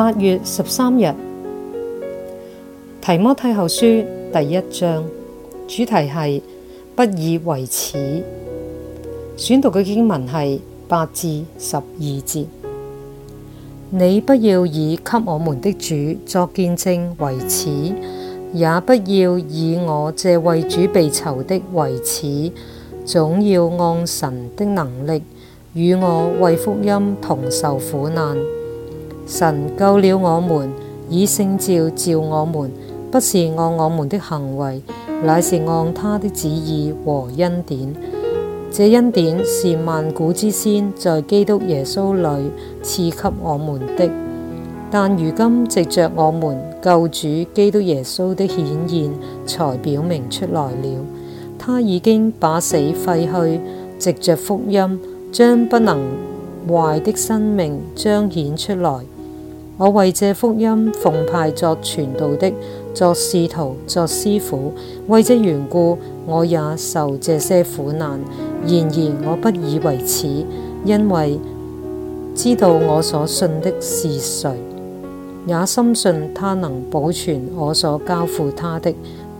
八月十三日，提摩太後書第一章，主題係不以為恥。選讀嘅經文係八至十二節。你不要以給我們的主作見證為恥，也不要以我這為主被囚的為恥，總要按神的能力，與我為福音同受苦難。神救了我們，以聖召召我們，不是按我們的行為，乃是按他的旨意和恩典。這恩典是萬古之先，在基督耶穌裏賜給我們的，但如今藉着我們救主基督耶穌的顯現，才表明出來了。他已經把死廢去，藉着福音，將不能壞的生命彰顯出來。我為這福音奉派作傳道的，作使徒，作師傅，為這緣故，我也受這些苦難。然而我不以為恥，因為知道我所信的是誰，也深信他能保存我所交付他的，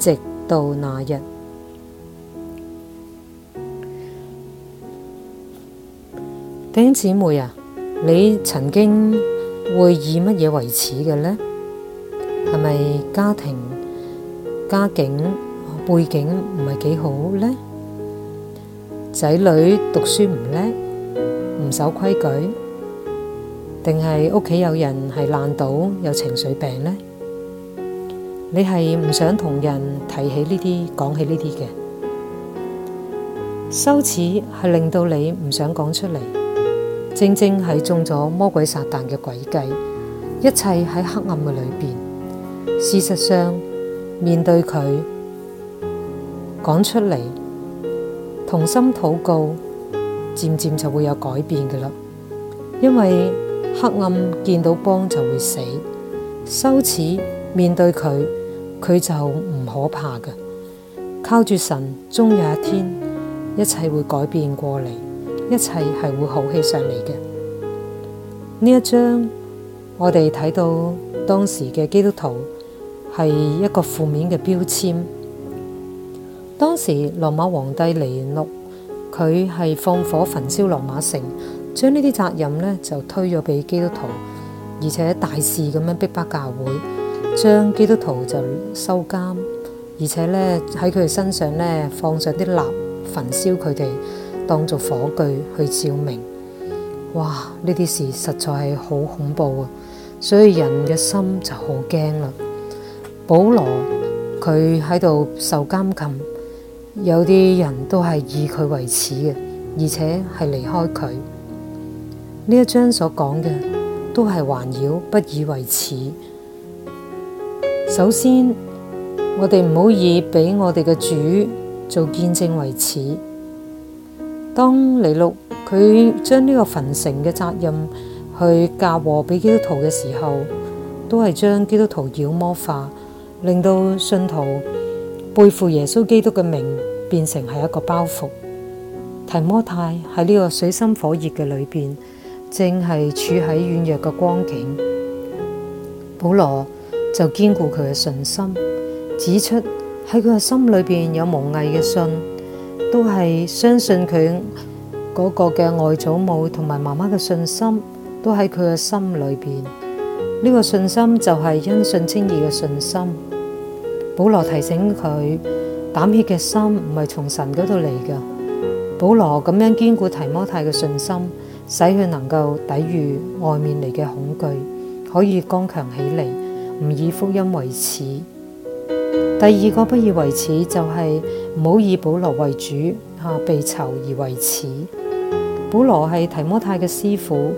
直到那日。丁姊妹啊，你曾經，會以乜嘢維持嘅呢？係咪家庭家境背景唔係幾好呢？仔女讀書唔叻，唔守規矩，定係屋企有人係爛賭，有情緒病呢？你係唔想同人提起呢啲，講起呢啲嘅羞恥，係令到你唔想講出嚟。正正係中咗魔鬼撒旦嘅詭計，一切喺黑暗嘅裏面。事實上，面對佢，講出嚟，同心禱告，漸漸就會有改變噶啦。因為黑暗見到光就會死，羞恥面對佢，佢就唔可怕噶。靠住神，終有一天，一切會改變過嚟。一切係會好起上嚟嘅。呢一章我哋睇到當時嘅基督徒係一個負面嘅標籤。當時羅馬皇帝尼禄佢係放火焚燒羅馬城，將呢啲責任呢就推咗俾基督徒，而且大肆咁樣逼迫教會，將基督徒就收監，而且呢喺佢哋身上呢放上啲蠟焚燒佢哋。當做火炬去照明，哇！呢啲事實在係好恐怖啊，所以人嘅心就好驚啦。保羅佢喺度受監禁，有啲人都係以佢為恥嘅，而且係離開佢。呢一章所講嘅都係環繞不以為恥。首先，我哋唔好以俾我哋嘅主做見證為恥。當尼禄佢將呢個焚城嘅責任去嫁禍俾基督徒嘅時候，都係將基督徒妖魔化，令到信徒背負耶穌基督嘅名變成係一個包袱。提摩太喺呢個水深火熱嘅裏邊，正係處喺軟弱嘅光景，保羅就堅固佢嘅信心，指出喺佢嘅心裏邊有無偽嘅信。都係相信佢嗰個嘅外祖母同埋媽媽嘅信心，都喺佢嘅心裏邊。呢個信心就係因信稱義嘅信心。保羅提醒佢膽怯嘅心唔係從神嗰度嚟嘅。保羅咁樣堅固提摩太嘅信心，使佢能夠抵御外面嚟嘅恐懼，可以剛強起嚟，唔以福音為恥。第二個不以為恥，就係唔好以保羅為主吓、啊，被囚而為恥。保羅係提摩太嘅師傅，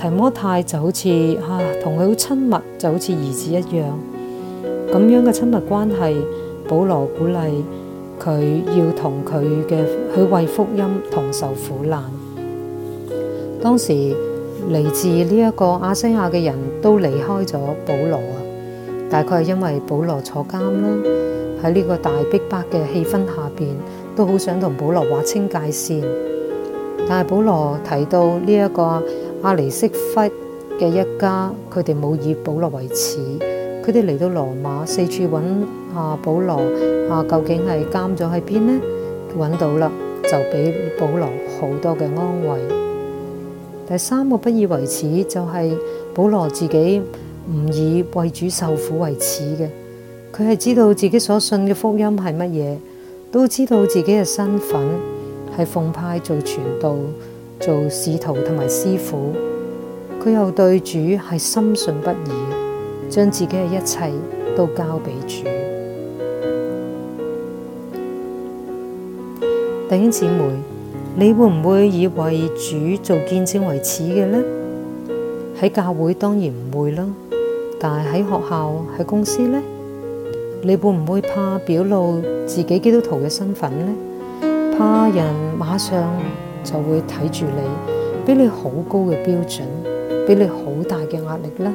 提摩太就好似吓同佢好親密，就好似兒子一樣咁樣嘅親密關係。保羅鼓勵佢要同佢嘅去為福音同受苦難。當時嚟自呢一個亞西亞嘅人都離開咗保羅大概係因為保羅坐監啦，喺呢個大逼迫嘅氣氛下邊，都好想同保羅劃清界線。但係保羅提到呢一個阿尼色弗嘅一家，佢哋冇以保羅為恥。佢哋嚟到羅馬四處揾啊保羅啊，究竟係監咗喺邊呢？揾到啦，就俾保羅好多嘅安慰。第三個不以為恥，就係、是、保羅自己。唔以為主受苦為恥嘅，佢係知道自己所信嘅福音係乜嘢，都知道自己嘅身份係奉派做傳道、做使徒同埋師傅。佢又對主係深信不疑，將自己嘅一切都交俾主。弟兄姊妹，你會唔會以為主做見證為恥嘅呢？喺教會當然唔會囉，但係喺學校、喺公司呢，你會唔會怕表露自己基督徒嘅身份呢？怕人馬上就會睇住你，俾你好高嘅標準，俾你好大嘅壓力呢？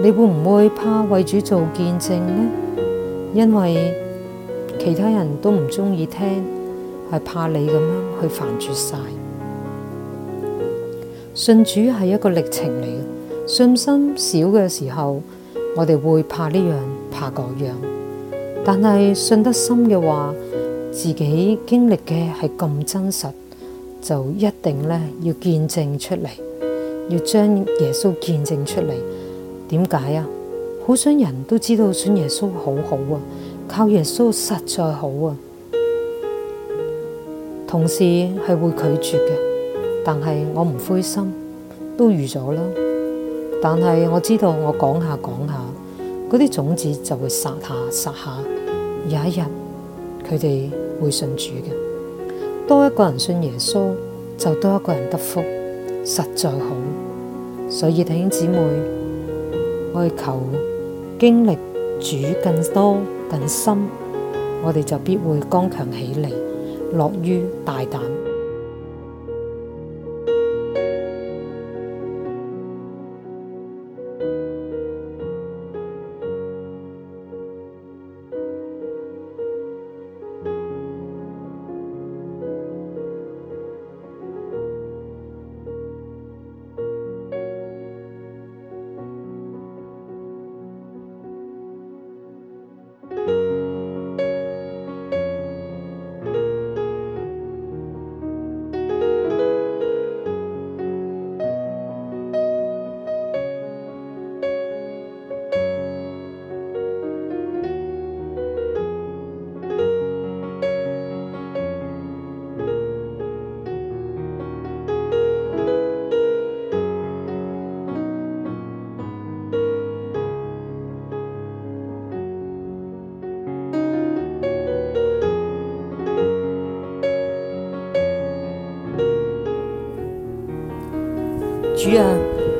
你會唔會怕為主做見證呢？因為其他人都唔中意聽，係怕你咁樣去煩住晒。信主係一個歷程嚟嘅，信心少嘅時候，我哋會怕呢樣怕嗰樣，但係信得深嘅話，自己經歷嘅係咁真實，就一定呢要見證出嚟，要將耶穌見證出嚟。點解啊？好想人都知道信耶穌好好啊，靠耶穌實在好啊，同時係會拒絕嘅。但係我唔灰心，都預咗啦。但係我知道，我講下講下，嗰啲種子就會撒下撒下，有一日佢哋會信主嘅。多一個人信耶穌，就多一個人得福，實在好。所以弟兄姊妹，我要求經歷主更多更深，我哋就必會剛強起嚟，樂於大膽。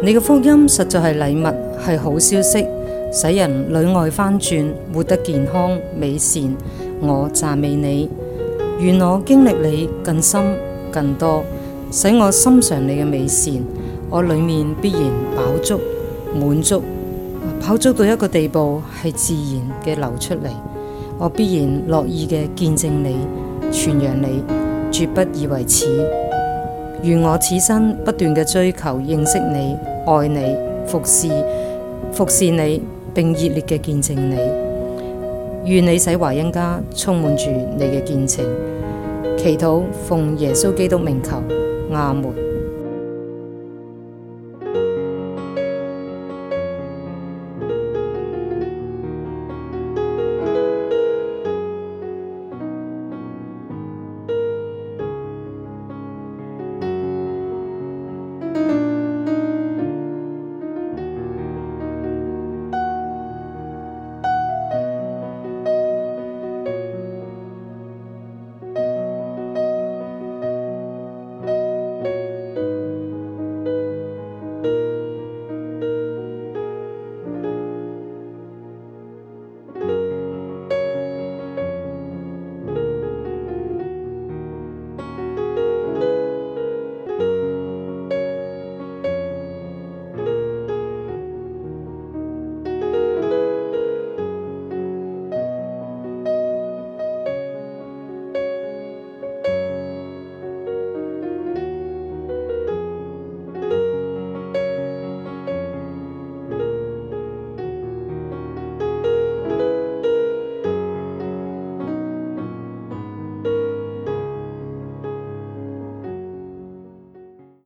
你嘅福音實在係禮物，係好消息，使人裏外翻轉，活得健康美善。我讚美你，願我經歷你更深更多，使我心嘗你嘅美善，我裏面必然飽足滿足，飽足到一個地步係自然嘅流出嚟，我必然樂意嘅見證你，傳揚你，絕不以為恥。願我此生不斷嘅追求，認識你、愛你、服侍服侍你，並熱烈嘅見證你。願你使華恩家充滿住你嘅見證。祈禱奉耶穌基督名求，阿門。